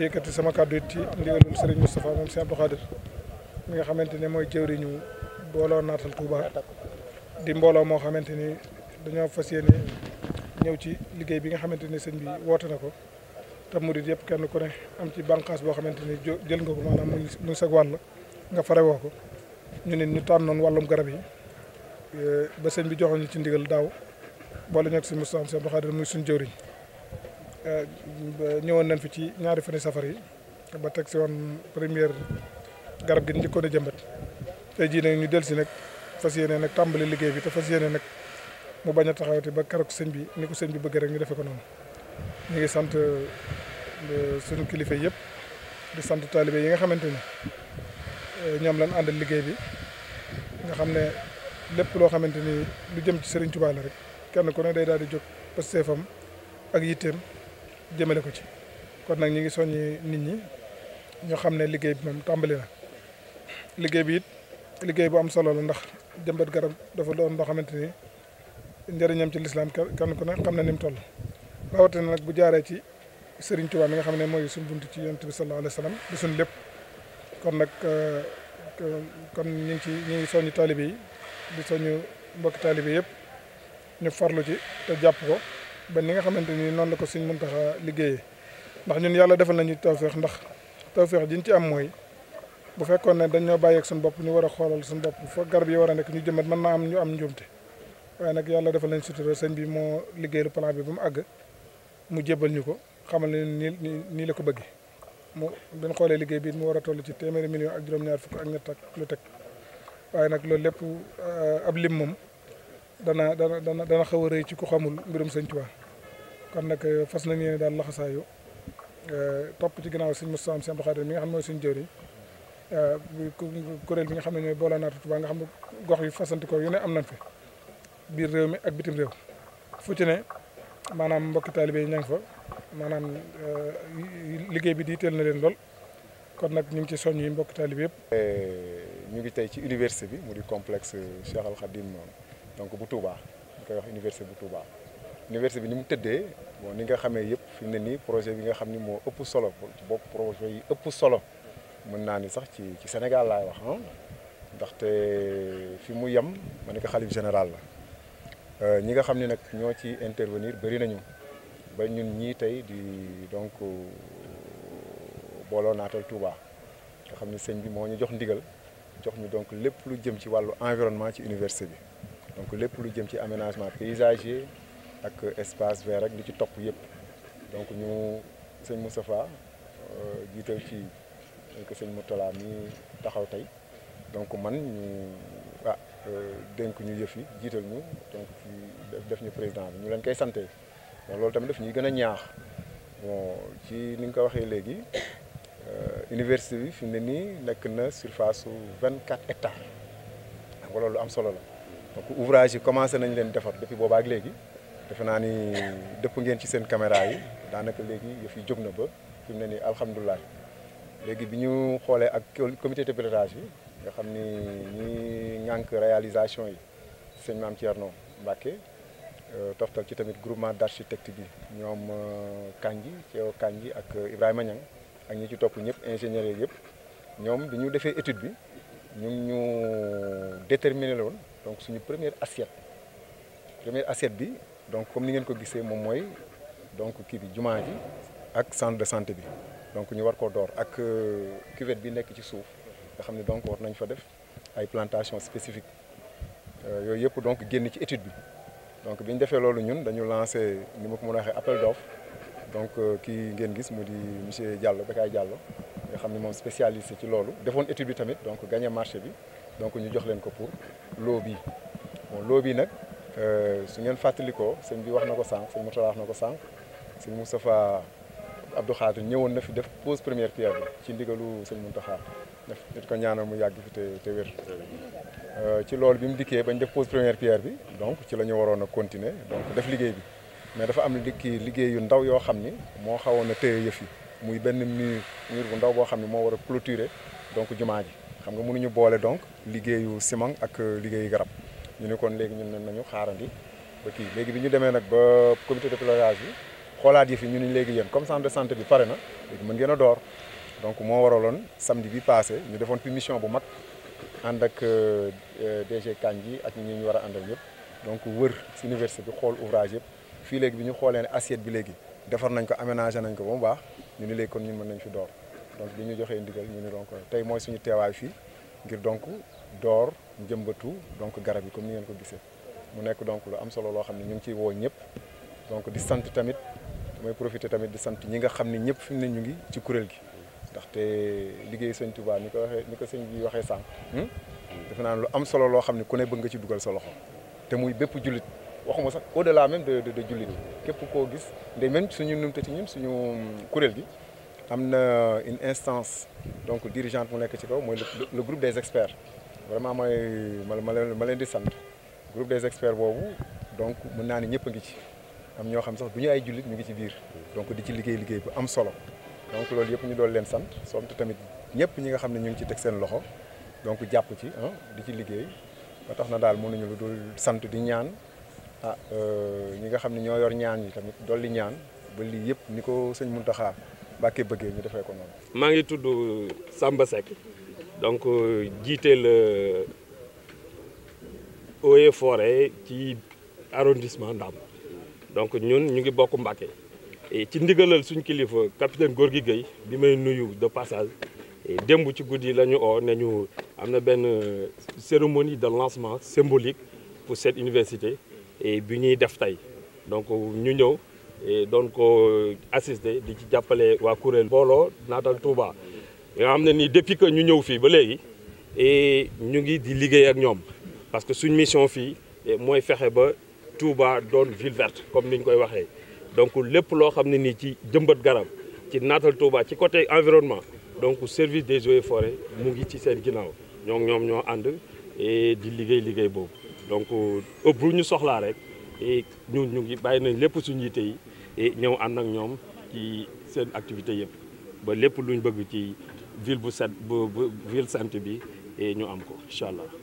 di yëkkati sama kàddu it ci ndigalul Serigne Moustapha moom si Abdou Khadir mi nga xamante ne mooy jëwriñu mbooloo naatal Touba di mbooloo moo xamante ni dañoo fas yéene ñëw ci liggéey bi nga xamante ni sëñ bi woote na ko te murit yëpp kenn ku ne am ci bànqaas boo xamante ni jël nga ko maanaam muy sag wàll nga fare woo ko ñu ne ñu tànnoon wàllum garab yi ba sëñ bi joxoon ñu ci ndigal daaw boole ñoog si mu si Abdou Khadir muy suñ jëwriñ Euh, ñëwoon nañ fi ci ñaari fani safar yi ba teg si woon première garab gi njëkkoon a jëmbat tey jii ne ñu del si nag fas yéene nag tàmbali liggéey bi te fas yéene nag mu bañ a taxawati ba keroog sëñ bi ni ko sëñ bi bëgg rek ñu defe ko noonu ñu ngi sant euh, suñu kilifa yëpp di sant taalibe yi nga xamante ni euh, ñoom lañ àndal liggéey bi nga xam ne lépp loo xamante ni lu jëm ci Serigne Touba la rek kenn ku ne day daal di jóg ba seefam ak yitteem jëmale ko ci kon nag ñu ngi soññi nit ñi ñoo xam ne liggéey bi moom tàmbali la liggéey bi it liggéey bu am solo la ndax jëmbat garab dafa doon loo xamante ni njëriñam ci lislaam kenn ku ne xam ne ni mu toll rawatina nag bu jaaree ci Sëriñ Tuubaa mi nga xam ne mooy suñ bunt ci yonent bi sallallahu alayhi wa sallam di suñ lépp kon nag euh, kon ñu ngi ci ñu ngi soññu taalibe yi di soññu mbokki taalibe yëpp ñu farlu ci te jàpp ko ba ni nga xamante ni noonu la ko suñ Muntaxa liggéeyee ndax ñun yàlla defal nañu tawféex ndax feex jiñ ci am mooy bu fekkoon ne dañoo bàyyeeg suñu bopp ñu war a xoolal suñu bopp fa garab yi war a nekk ñu jëmat mën naa am ñu am njuumte waaye nag yàlla defal nañ sutura sëñ bi moo liggéeyalu plan bi ba mu àgg mu jébbal ñu ko xamal ne nii nii la ko bëggee mu xoolee liggéey bi mu war a toll ci téeméeri million ak juróom-ñaar fukk ak ñett ak lu teg waaye nag loolu lépp euh, ab lim dana dana dana dana xaw a rëy ci ku xamul mbirum sëñ kon nag euh, fas nañ yéene daal laxasaayu euh, topp ci ginnaaw sëñ Moustapha Sëñ Abdou Khadir mi nga xam ne mooy suñu jëriñ euh, kuréel bi nga xam ne ñooy boole naatu Tuubaa nga xam ne gox yu fasanti ko am nañ fi biir réew mi ak bitim fu ci ne maanaam mbokki taalibe yi fa maanaam liggéey bi di teel na leen lool kon nag ñu ngi ci soñ yi mbokki taalibe yëpp. ñu ngi tey ci université bi mu di complexe Cheikh Al moom donc bu Touba ñu koy wax université bu Touba. université bi ni mu tëddee bon ni nga xamee yëpp fi mu ne nii projet bi nga xam ni moo ëpp solo ci bopp projet yi ëpp solo mën naa ni sax ci ci Sénégal laay wax ah. ndaxte fi mu yem ma ne xalif général la euh, ñi nga xam ne nag ñoo ci intervenir bëri nañu ba ñun ñii tey di donc euh, booloo naatal Touba nga xam ne sëñ bi moo ñu jox ndigal jox ñu donc lépp lu jëm ci wàllu environnement ci université bi donc lépp lu jëm ci aménagement paysager ak espace vert rek li ci topp yëpp donc ñu sëñ Moustapha euh, jiital ci que sëñ Moutala mi taxaw tey donc man ñu ah euh, dénk ñu yëf yi jiital ñu donc fi def ñu président bi ñu leen koy sante bon loolu tamit daf ñuy gën ñaax bon ci ni nga ko waxee léegi euh, université bi fi mu ne nii nekk na surface su 24 hectares xam nga loolu am solo la donc ouvrage yi commencé nañ leen defar booba ak léegi defe naa ni dëpp ngeen ci seen caméra yi daanaka léegi yëf yi jóg na ba fi ne ni alhamdulilah léegi bi ñu xoolee ak comité de pilotage yi nga xam ni ñi ŋànk réalisation yi sëñ Maam Thierno Mbacke euh, toftal ci tamit groupement d' architecte bi ñoom kañ euh, Kandji Thio e Kandji ak Ibrahima Niang ak ñu ci topp ñëpp ingénieurs yi yëpp ñoom bi ñu defee étude bi ñu ñu déterminé loon donc suñu première assiette. première assiette bi donc comme ni ngeen ko gisee moom mooy donc kii bi jumaa ji ak centre de santé bi donc ñu war koo door ak euh, cuvette bi nekk ci suuf nga xam ne donc war nañ fa def ay plantation spécifique euh, yooyu yëpp donc génn ci étude bi donc bi ñu defee loolu ñun dañu lancé ni ma ko mën a waxee appel d'offre donc euh, kii ngeen gis mu di monsieur Diallo Bekaay jàll nga xam ne moom spécialiste ci loolu defoon étude bi tamit donc gagné marché bi donc ñu jox leen ko pour loo bi bon bi nag Euh, su ngeen fàttalikoo sëñ bi wax na ko sànq sëñ Moutala wax na ko sànq sëñ Moustapha Abdou Khadir ñëwoon na fi def pose première pierre bi ci ndigalu sëñ Mountakha def nit ko ñaanal mu yàgg fi te te wér euh, ci loolu bi mu dikkee bañ def pose première pierre bi donc ci lañu waroon a continuer donc def liggéey bi mais dafa am dikki liggéey yu ndaw yoo xam ni moo xawoon a téye yëf yi muy benn mur mur bu ndaw boo xam ne moo war a clôturer donc jumaa ji xam nga mun ñu boole donc liggéeyu ciment ak euh, liggéeyu garab ñu ne kon léegi ñun nañu xaarandi ba kii léegi bi ñu demee nag ba comité de pilotage bi xoolaat yi fi ñu ne léegi yéen comme centre de santé bi pare na léegi mën ngeen a door donc moo waraloon samedi bi passé ñu defoon fi mission bu mag ànd ak euh, DG Kandji ak ñu ñu war a àndal yëpp donc wër si université bi xool ouvrage yëpp fii léegi bi ñu xoolee ne assiette bi léegi defar nañ ko aménagé nañ ko ba mu baax ñu ni léegi kon ñun mën nañ fi door donc bi ñu joxee ndigal ñu ni donc tey mooy suñu teewaay fii ngir donc door njëmbatu donc garab yi comme ni ngeen ko gisee mu nekk donc lu am solo loo xam ne ñu ngi ciy woo ñëpp donc di sant tamit damay profité tamit di sant ñi nga xam ni ñëpp fi mu ne ñu ngi ci kuréel gi ndaxte liggéey sëñ Touba ni ko waxee ni ko sëñ bi waxee sànq hmm? defe naan lu am solo loo xam ne ku ne bëgg nga ci dugal sa loxo te muy bépp jullit waxuma sax au la même de de jullit képp koo gis nde même suñu numte ci ñun suñu kuréel gi am na euh, une instance donc dirigeante mu nekk ci kaw mooy le groupe des experts vraiment mooy ma leen di sant groupe des experts boobu donc mën naa ne ñëpp a ngi ci am ñoo xam sax du ñu ay jullit ñu ngi ci biir donc di ci liggéey liggéey bu am solo donc loolu yëpp ñu dool leen sant sant tamit ñëpp ñi nga xam ne ñu ngi ci teg seen loxo donc jàpp ci di ci liggéey ba tax na daal mënuñu lu dul sant di ñaan ah euh, ñi nga xam ne ñoo yor ñaan yi tamit dolli ñaan ba lii yëpp ni ko sëñ Mountakha Mbacké bëggee ñu defee ko maa ngi tudd Samba Seck donc euh, jiite la euh, eaux et ci arrondissement Ndam donc ñun ñu ngi bokk Mbacké ci ndigalal suñ kilifa capitaine Gorgui Gueye bi may nuyu de passage démb ci guddi lañu ñu oo ne am na benn euh, cérémonie de lancement symbolique pour cette université bi ñuy def tey donc ñu ñëw. doon ko euh, di ci jàppale waa kuréel booloo naatal Touba nga xam na nii depuis que ñu ñëw fii ba léegi ñu ngi di liggéey ak ñoom parce que suñ mission fii eh, mooy fexe ba Touba doon ville verte comme ni ñu koy waxee donc lépp loo xam ne nii ci jëmbat garab ci naatal Touba ci côté environnement donc service des eaux et forêts mu ngi ci seen ginnaaw ñoo ñoom ñoo ànd di liggéey liggéey boobu donc euh, ëpp ñu soxlaa rek ñu ñu ngi bàyyi nañ lépp suñ yite et ñëw ànd ak ñoom ci seen activité yëpp ba lépp luñ bëgg ci ville bu set bu ville sainte bi ñu am ko incha allah.